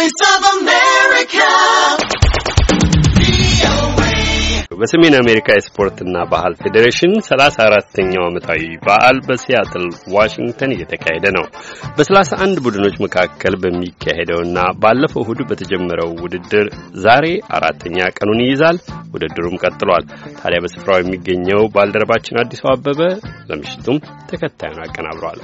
Voice of America. በሰሜን አሜሪካ የስፖርትና ባህል ፌዴሬሽን ሰላሳ 4ኛው ዓመታዊ በዓል በሲያትል ዋሽንግተን እየተካሄደ ነው። በ በ31 ቡድኖች መካከል በሚካሄደውና ባለፈው እሁድ በተጀመረው ውድድር ዛሬ አራተኛ ቀኑን ይይዛል። ውድድሩም ቀጥሏል። ታዲያ በስፍራው የሚገኘው ባልደረባችን አዲሱ አበበ ለምሽቱም ተከታዩን አቀናብሯል።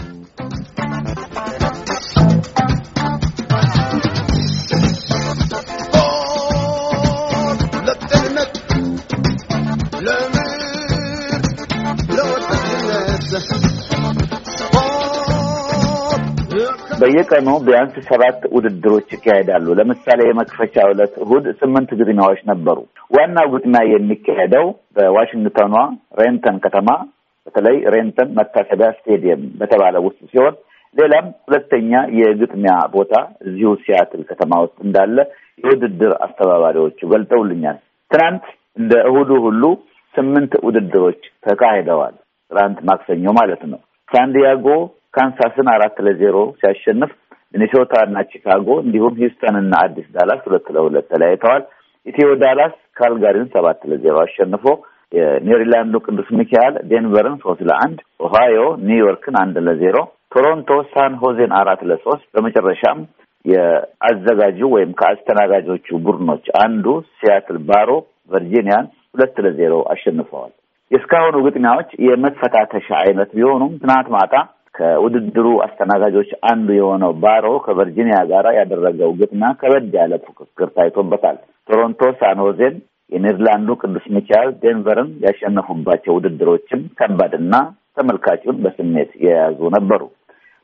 በየቀኑ ቢያንስ ሰባት ውድድሮች ይካሄዳሉ። ለምሳሌ የመክፈቻ ዕለት እሁድ ስምንት ግጥሚያዎች ነበሩ። ዋናው ግጥሚያ የሚካሄደው በዋሽንግተኗ ሬንተን ከተማ በተለይ ሬንተን መታሰቢያ ስቴዲየም በተባለ ውስጥ ሲሆን ሌላም ሁለተኛ የግጥሚያ ቦታ እዚሁ ሲያትል ከተማ ውስጥ እንዳለ የውድድር አስተባባሪዎቹ ገልጠውልኛል። ትናንት እንደ እሁዱ ሁሉ ስምንት ውድድሮች ተካሂደዋል። ትናንት ማክሰኞ ማለት ነው። ሳንዲያጎ ካንሳስን አራት ለዜሮ ሲያሸንፍ ሚኒሶታ እና ቺካጎ እንዲሁም ሂውስተን እና አዲስ ዳላስ ሁለት ለሁለት ተለያይተዋል። ኢትዮ ዳላስ ካልጋሪን ሰባት ለዜሮ አሸንፎ የሜሪላንዱ ቅዱስ ሚካኤል ዴንቨርን ሶስት ለአንድ፣ ኦሃዮ ኒውዮርክን አንድ ለዜሮ፣ ቶሮንቶ ሳን ሆዜን አራት ለሶስት በመጨረሻም የአዘጋጁ ወይም ከአስተናጋጆቹ ቡድኖች አንዱ ሲያትል ባሮ ቨርጂኒያን ሁለት ለዜሮ አሸንፈዋል። የእስካሁኑ ግጥሚያዎች የመፈታተሻ አይነት ቢሆኑም ትናንት ማታ ከውድድሩ አስተናጋጆች አንዱ የሆነው ባሮ ከቨርጂኒያ ጋር ያደረገው ግጥሚያ ከበድ ያለ ፉክክር ታይቶበታል። ቶሮንቶ ሳንሆዜን፣ የኔዘርላንዱ ቅዱስ ሚካኤል ዴንቨርን ያሸነፉባቸው ውድድሮችም ከባድና ተመልካቹን በስሜት የያዙ ነበሩ።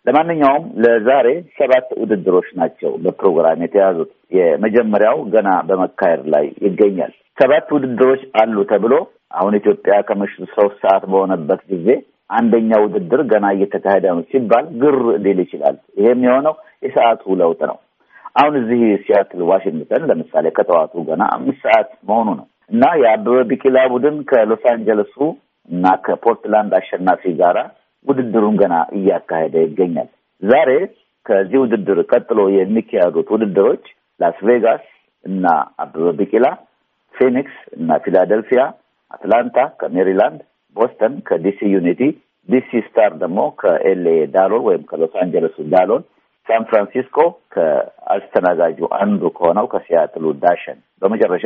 ለማንኛውም ለዛሬ ሰባት ውድድሮች ናቸው በፕሮግራም የተያዙት። የመጀመሪያው ገና በመካሄድ ላይ ይገኛል። ሰባት ውድድሮች አሉ ተብሎ አሁን ኢትዮጵያ ከምሽቱ ሶስት ሰዓት በሆነበት ጊዜ አንደኛ ውድድር ገና እየተካሄደ ነው ሲባል ግር ሊል ይችላል። ይሄም የሆነው የሰዓቱ ለውጥ ነው። አሁን እዚህ ሲያትል ዋሽንግተን ለምሳሌ ከጠዋቱ ገና አምስት ሰዓት መሆኑ ነው እና የአበበ ቢቂላ ቡድን ከሎስ አንጀለሱ እና ከፖርትላንድ አሸናፊ ጋራ ውድድሩን ገና እያካሄደ ይገኛል። ዛሬ ከዚህ ውድድር ቀጥሎ የሚካሄዱት ውድድሮች ላስ ቬጋስ እና አበበ ቢቂላ፣ ፊኒክስ እና ፊላደልፊያ፣ አትላንታ ከሜሪላንድ ቦስተን ከዲሲ ዩኒቲ፣ ዲሲ ስታር ደግሞ ከኤልኤ ዳሎን ወይም ከሎስ አንጀለሱ ዳሎን፣ ሳን ፍራንሲስኮ ከአስተናጋጁ አንዱ ከሆነው ከሲያትሉ ዳሸን፣ በመጨረሻ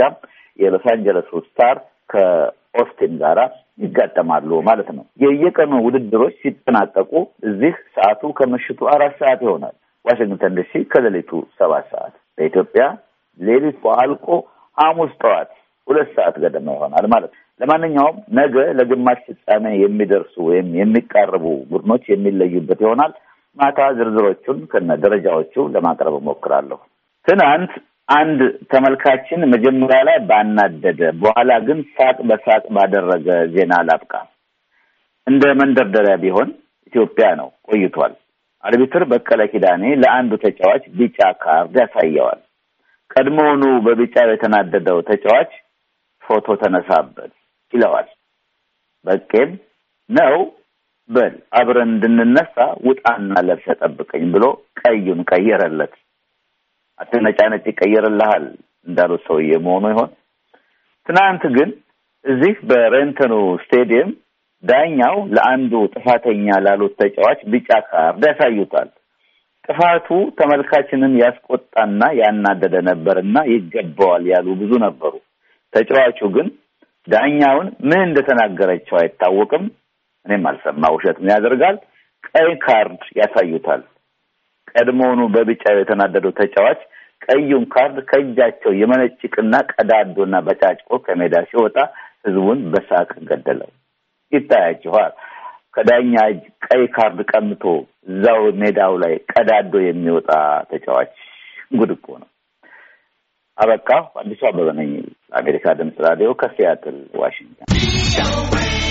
የሎስ አንጀለሱ ስታር ከኦስቲን ጋራ ይጋጠማሉ ማለት ነው። የየቀኑ ውድድሮች ሲጠናቀቁ እዚህ ሰዓቱ ከምሽቱ አራት ሰዓት ይሆናል። ዋሽንግተን ዲሲ ከሌሊቱ ሰባት ሰዓት በኢትዮጵያ ሌሊት አልቆ ሐሙስ ጠዋት ሁለት ሰዓት ገደማ ይሆናል ማለት ነው። ለማንኛውም ነገ ለግማሽ ፍጻሜ የሚደርሱ ወይም የሚቃርቡ ቡድኖች የሚለዩበት ይሆናል። ማታ ዝርዝሮቹን ከነ ደረጃዎቹ ለማቅረብ እሞክራለሁ። ትናንት አንድ ተመልካችን መጀመሪያ ላይ ባናደደ፣ በኋላ ግን ሳቅ በሳቅ ባደረገ ዜና ላብቃ። እንደ መንደርደሪያ ቢሆን ኢትዮጵያ ነው ቆይቷል። አርቢትር በቀለ ኪዳኔ ለአንዱ ተጫዋች ቢጫ ካርድ ያሳየዋል። ቀድሞውኑ በቢጫ የተናደደው ተጫዋች ፎቶ ተነሳበት። ይለዋል። በቄም ነው በል አብረን እንድንነሳ ውጣና ለብሰ ጠብቀኝ ብሎ ቀዩን ቀየረለት። አትነጫነጭ ይቀየርልሃል እንዳሉት ሰውዬ መሆኑ ይሆን? ትናንት ግን እዚህ በሬንተኑ ስቴዲየም ዳኛው ለአንዱ ጥፋተኛ ላሉት ተጫዋች ቢጫ ካርድ ያሳዩታል። ጥፋቱ ተመልካችንን ያስቆጣና ያናደደ ነበርና ይገባዋል ያሉ ብዙ ነበሩ። ተጫዋቹ ግን ዳኛውን ምን እንደተናገረቸው አይታወቅም። እኔም አልሰማ ውሸት ምን ያደርጋል። ቀይ ካርድ ያሳዩታል። ቀድሞውኑ በቢጫ የተናደደው ተጫዋች ቀዩን ካርድ ከእጃቸው የመነጭቅና ቀዳዶና በጫጭቆ ከሜዳ ሲወጣ ህዝቡን በሳቅ ገደለው። ይታያችኋል። ከዳኛ እጅ ቀይ ካርድ ቀምቶ እዛው ሜዳው ላይ ቀዳዶ የሚወጣ ተጫዋች ጉድ እኮ ነው። አበቃ። አዲሱ አበበ ነኝ፣ አሜሪካ ድምፅ ራዲዮ ከሲያትል ዋሽንግተን